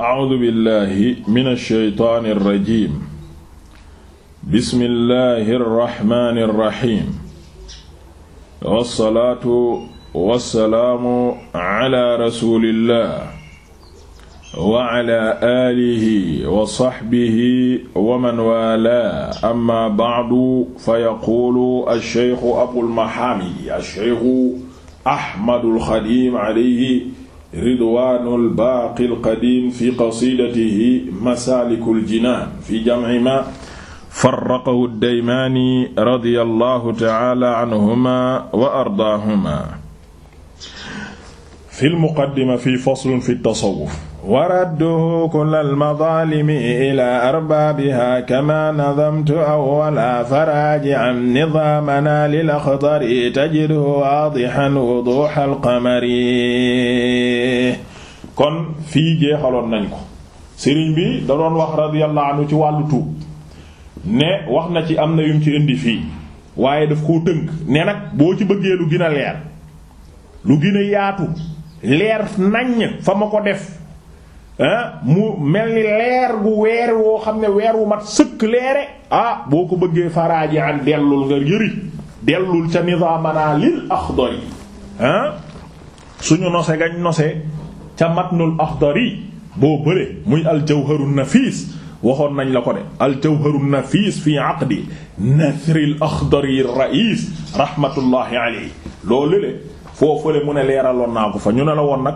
أعوذ بالله من الشيطان الرجيم بسم الله الرحمن الرحيم والصلاة والسلام على رسول الله وعلى آله وصحبه ومن والاه أما بعد فيقول الشيخ أبو المحامي الشيخ أحمد الخليم عليه ridwaanul baaqil qadiim fi qasiidatihi masaalikul jinaan fi jam'i maa farraqahu ad-daymaani radiyallahu ta'aala anhumaa wa ardaahumaa. fil muqaddima fi faslun fi tasawwuf waradduhu kullal mazaalimi ilaa arbaabihaa kamaa nadamtu awwala faraaji'an nizaamanaa lil axdari tajidhu waadihan wuduuhal qamari kon fii jeexaloon nañ ko sëriñ bi da wax radiyallahu ci wàllu tuub ne wax na ci am na yum ci indi fii waaye daf koo tënk ne nag boo ci bëggee lu gën leer lu gën yaatu leer naññ fa ma ko def mu mel ni leer gu weer woo xam ne weer wu mat sëkk leere ah boo ko bëggee faraaji an dellul nga yëri dellul ca nizaamanaa lil axdari ah suñu nose gañ nose ca matnul axdari boo bële muy aljawharun nafiis waxoon nañ la ko de aljawharun nafiis fi aqdi nasril axdari rais rahmatullahi alayhi loolu le foofule mu ne leeraloon naa ko fa ñu ne la woon nag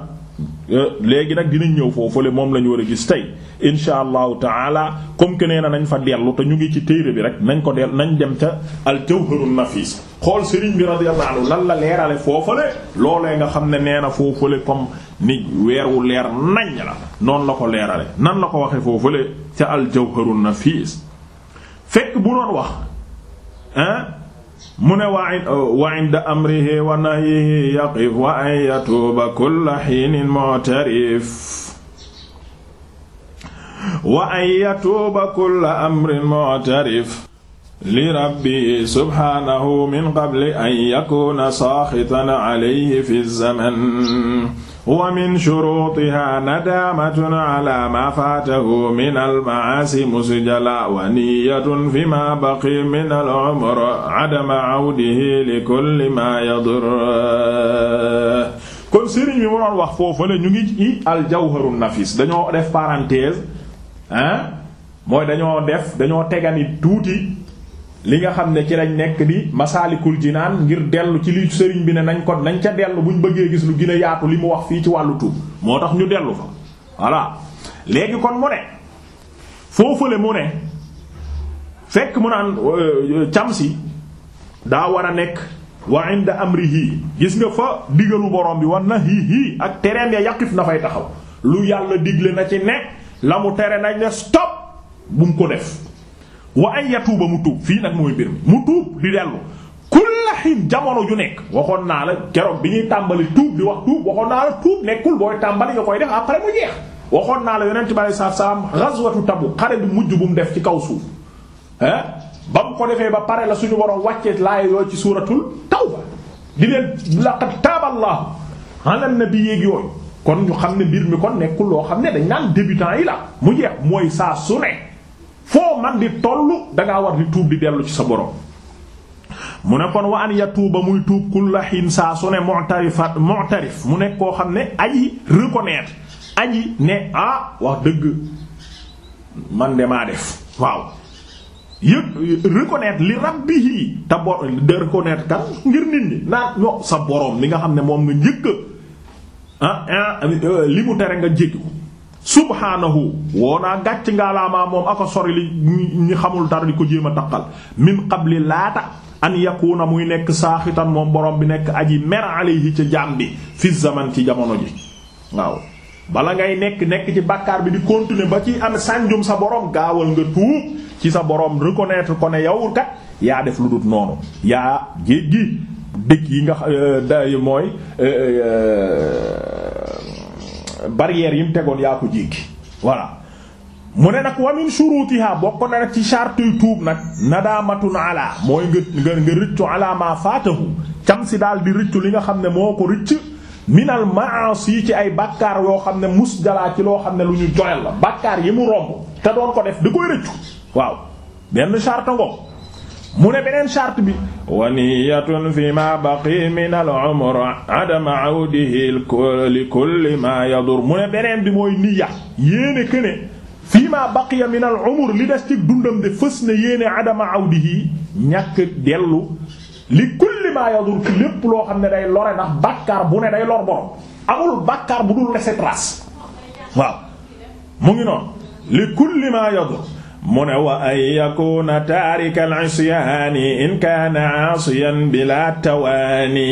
Euh, léegi nag dinañ ñëw foofule moom la ñu war a gis tey insha allahu taala comme que nee na nañ fa dellu te ñu ngi ci téere bi rek nañ ko del nañ dem ca al jawharun nafis xool Serigne bi radiyallahu anhu lan la leerale foofale loolee nga xam ne nee na foofale comme ni weer wu leer nañ la noonu la ko leerale nan la ko waxee foofale ca al jawharun nafis fekk bu doon wax ah mu ne wa inda amrihi wa nahyihi yaqif wa an yatuuba kulla hiinin mu'tarif wa an yatuuba kulla amrin mu'tarif li rabbi subhaanahu min qabli an yakuuna saaxitan alayhi fi zaman wa min shurutiha nadaamatun ma faatahu min almaasi musjala wa niyatun fi ma baqi min al-umr adama awdihi li kulli ma yadur kon sëriñ bi waroon wax foofu la ñu ngi ci aljawharun nafis dañoo def parenthèse mooy dañoo def dañoo tegani tuuti li nga xam ne ci lañ nekk di masaalikul naan ngir dellu ci li sëriñ bi ne nañ ko nañ ca dellu buñ bëggee gis lu gën a yaatu li mu wax fii ci wàllu tuub moo tax ñu dellu fa voilà léegi kon mu ne foofule mu ne fekk mu naan euh, camsi daa war a nekk wa amri amrihi gis nga fa digalu borom bi war na hii hii ak tereem ya yaqif na fay taxaw lu yàlla digle na ci ne la mu tere nañ ne stop bu mu ko def wa an yatuuba mu tuub fii nag mooy mbir mi mu tuub di dellu kulla xin jamono ju nekk waxoon naa la keroog bi ñuy tàmbali tuub di wax tuub waxoon naa la tuub nekkul booy tàmbali nga koy def après mu jeex waxoon naa la yonent bi alayhi salaatu salaam ghazwatu Tabuk xare bi mujj bu mu def ci kaw suuf ah ba mu ko defee ba pare la suñu borom wàccee laay yooyu ci suuratul tawba di leen laqad taaballaahu ala nabiyyi yooyu kon ñu xam ne mbir mi kon nekkul loo xam ne dañ naan débutant yi la mu jeex mooy saa su ne foo man di toll dangaa war ni tuub di dellu ci sa borom mu ne kon wa an yatuuba muy tuub kulla xiin saa su ne mu'tarifat mu'tarif mu nekk koo xam ne aji reconnaître aji ne ah wax dëgg man de maa def waaw yëg reconnaître li rabbihi te bo de reconnaître kan ngir nit ñi naan ño sa borom li nga xam ne moom nga njëkk ah, ah li mu tere nga jéggi ko subhaanahu woo naa gàcc ngaalaamaa moom aka sori li ñi xamul dara di ko jéem a taqal min li laata an na muy nekk saaxitan moom boroom bi nekk aji mer alayhi ca jaam bi fi zaman ci jamono ji waaw bala ngay nekk nekk ci bàkkaar bi di continuer ba ci am sànjum sa borom gaawal nga tuub ci sa borom reconnaître ko ne yow kat yaa def lu dut noonu yaa jéggi dëkk yi nga euh, day mooy euh, euh, barrières yi mu tegoon yaa ko jéggi voilà mu ne nag wamin shurutiha bokk na nag ci chartuy tuub nag nadaamatun ala mooy nga nga rëccu ala ma faatahu cam si daal di rëccu li nga xam ne moo ko rëcc minal maasi ci ay bàkkaar yoo xam ne mus jalaa ci loo xam ne lu ñu joyal la bàkkaar yi mu romb te doon ko def di koy rëccu waaw benn charte ngoom mu ne beneen charte bi wa niyatun fi ma baqi min al umr adama awdihi li kulli ma yadur mu ne beneen bi mooy niya yéene këne fii ma baqiya min al umr li des ci dundam de fës na yéene adama awdihi ñàkk dellu li kulli ma yadur lépp loo xam ne day lore ndax bàkkaar bu ne day lor borom amul bàkkaar bu dul laisser trace waaw mu ngi noonu li kulli ma yadur mu wa an yakuna taarika al-isyaani in kaana aasiyan bila tawaani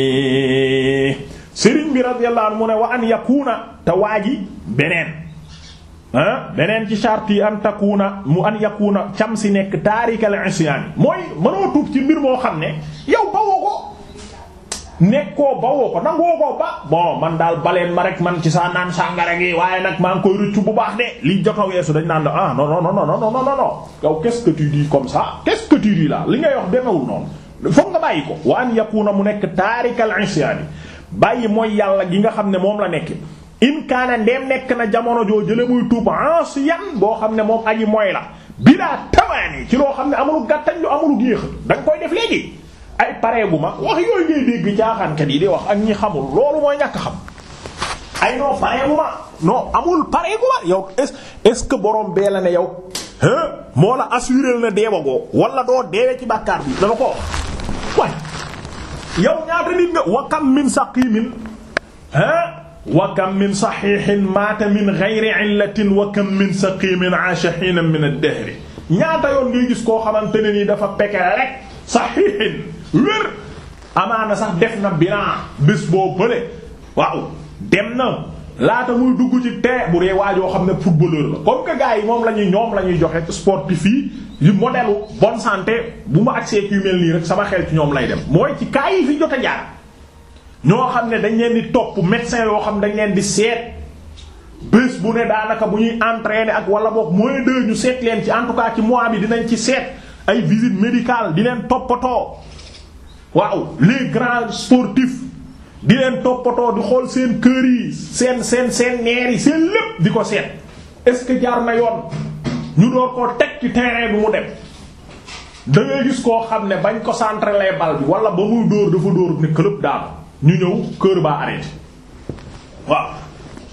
sëriñ bi radiyallahu anhu mu ne wa an yakuna te beneen ah, beneen ci charte an takuna an yakuna cam si nekk taarika al-isyaani mooy mënoo tuub ci mbir moo xam ne yow nekkoo bawoo ko nangoo koo ba bon man daal baleen ma rek man ci sa naan sàngara gi waaye nag maa ngi koy rëccu bu baax de li jot a weesu dañ naan la ah non non non non non non non yow qu'est-ce que tu dis comme li ngay wax demewul noonu foog nga bàyyi ko wa an yakuna mu nekk taarikal isyaani bàyyi mooy yàlla gi nga xam ne moom la nekk in kaana ndeem nekk na jamono joo jële muy tuub asiyan boo xam ne moom aji mooy la bilaa yi ci loo xam ne amul gàttañ lu amul géex da nga koy def léegi ay pareegu ma wax yooyu ngay dégg jaaxaankat yi di wax ak ñi xamul loolu mooy ñàkk xam ay non pareegu ma non amul pareegu ma yow est-ce que borom bee la ne yow moo la assuré na deewagoo wala doo deewee ci bàkkaar bi dama ko wax yow ñaata nit nga wa kam min saqimin wa kam min saxiixin maata min gayri illatin wa kam min saqimin aasha koo xamante ne nii dafa peke rek saxiixin wér amaana sax def na bilan bés boo bëre waaw dem na laata muy dugg ci tee bu dee yoo xam ne footballeur la comme que gars yi moom la ñuy ñoom la ñuy joxe sportif yi yu modèle bonne sante bu ma accès ci yu mel nii rek sama xel ci ñoom lay dem mooy ci cas yi fi jot a ñoo xam ne dañ leen di topp médecin yoo xam ne dañ leen di seet bés bu ne daanaka bu ñuy entraîner ak wala boog mooy de ñu seet leen ci en tout cas ci mois bi dinañ ci seet ay visite médicale di leen toppatoo waaw les grands sportifs di leen toppatoo di xool seen kër yi seen seen seen neer yi seen lépp di ko seet est-ce que jaar na yoon ñu door koo teg ci terrain bi mu dem da gis koo xam ne bañ ko centrer lay bal bi wala ba muy dóor dafa dóor ne club daal ñu ñëw kër baa arrêté waaw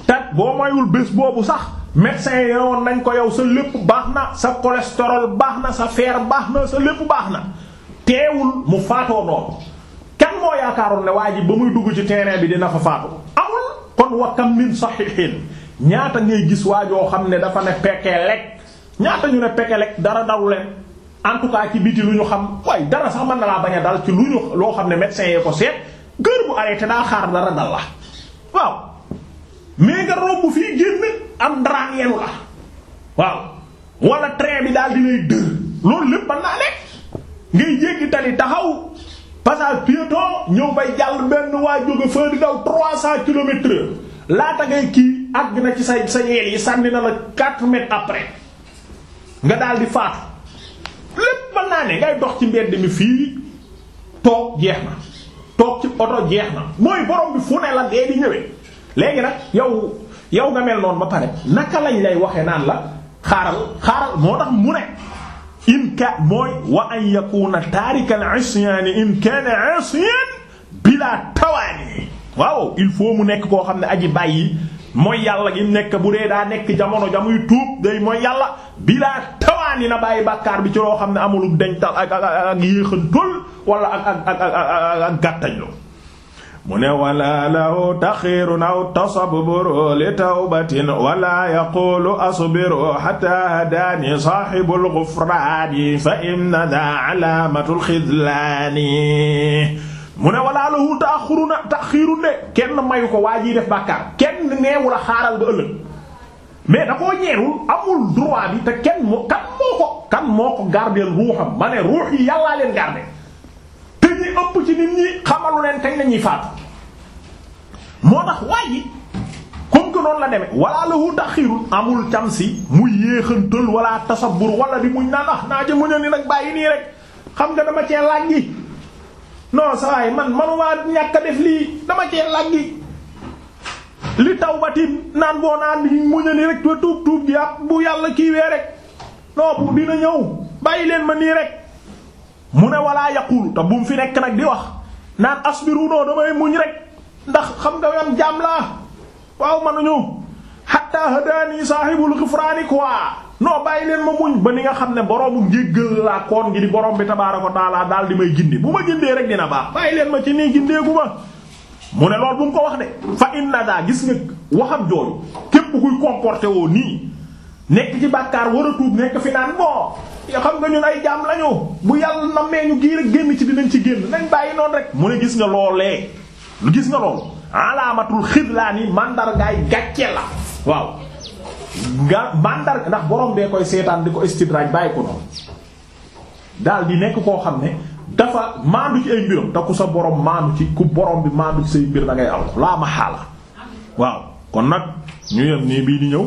tat boo mayul bés boobu sax médecin yowoon nañ ko yow sa lépp baax na sa cholestérol baax na sa feer baax na sa lépp baax na teewul mu faatoo noonu kenn moo yaakaaroon ne waa ji ba muy dugg ci terrain bi dina fa faatu amul kon wa kam min sahihin ñaata ngay gis waajoo xam ne dafa ne pekelek ñaata ñu ne pekelek dara dalu leen en tout cas ci biti lu ñu xam waaye dara sax mën na laa bañ a dal ci lu ñu loo xam ne médecin yee ko seet gër bu arrêté daa xaar dara dal la waaw mais nga romb fii génn am daraan yenu la waaw wala train bi daal di dër loolu lépp mën naa nekk ngay jéggi tali taxaw passage piéton ñëw bay jàll benn waa jóge fële di daw trois cents kilomètres laata ngay kii àgg na ci sa sa yi sànni na la quatre mètres après nga daal di faatu lépp mën naa ne ngay dox ci mbedd mi fii toog jeex na toog ci oto jeex na mooy borom bi fu ne la dee di ñëwee léegi nag yow yow nga mel noonu ba pare naka lañ lay waxee naan la xaaral xaaral moo tax mu ne. in ka mooy wa an yakuna taarika al in kana asiyan bila tawaani waaw il faut mu nekk koo xam ne aji bàyyi mooy yàlla gi nekk bu dee daa nekk jamono jamuy tuub day mooy yàlla bilaa tawaani na bàyyi bàkkaar bi ci loo xam ne amulub dental ak ak ak yéexantul wala ak ak ak ak gàttañ lo mu ne wala lahu taxiirun aw tasabbur li tawbatin wala yaqulu asbiru hatta hadaani saahibul ghufraani fa inna daa alaamatul xidlaani mu ne wala lahu taaxiruna taxiirun de kenn mayu ko waa jiy def bàkkaar kenn neewu la xaaral ba ëllëg mais da koo ñeerul amul droit bi te kenn moo kan moo ko kan moo ko gardeel ruuxam ma ne ruux yi yàllaa leen garder ëpp ci nit ñi xamalu leen kañ lañuy faatu moo tax waaye comme que noonu la demee wala lahu taxirul amul cam si mu yéexantal wala tasabur wala bi muñ naan ah naa ja muñal ni bàyyi nii rek xam nga dama cee làggi non sawaay man manumaa ñàkk def lii dama cee làggi li tawbati naan boo naan bi muñal ni rek te tuub tuub gi bu yàlla kiiwee rek non bu dina ñëw bàyyi leen ma nii rek mu ne walaa yaqulu te bu mu fi nekk nag di wax naan asbiru noo damay muñ rek ndax xam nga yan jaam laa waaw manuñu hatta hadani saahibul ghufrani quoi non bàyyi leen ma muñ ba ni nga xam ne boroomu njéggal laa koon ngi di borom bi tabaaraka wa taala daal di may gindi bu ma gindee rek dina baax bàyyi leen ma ci nii gindeeku ma mu ne lool bu mu ko wax de fa inna daa gis nga waxam jooju képp kuy comporté woo nii nekk ci bàkkaar war a tuub nekk fi naan moo xam nga ñun ay jaam lañu bu yàlla na mee ñu giir ak génn ci dinañ ci génn nañ bàyyi noonu rek mu ne gis nga loolee gis nga loolu alaamatul xidlaani mandargaay gàcce la waaw nga mandar ndax borom bee koy seetaan di ko istidraaj bàyyi ko noonu daal di nekk koo xam ne dafa maandu ci ay mbiram te ku sa borom maandu ci ku borom bi maandu ci say mbir da ngay ma xaala waaw kon nag ñu yem nii di ñëw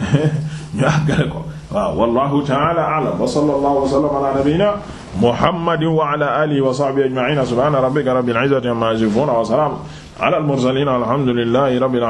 ñu àggale ko waaw wallahu ta'ala a'lam wa sallallahu wa sallama ala nabiyyina muhammadin wa ala alihi wa sahbihi ajma'in subhana rabbika rabbil izzati amma yasifun wa salamun ala al mursalin walhamdulillahi rabbil alamin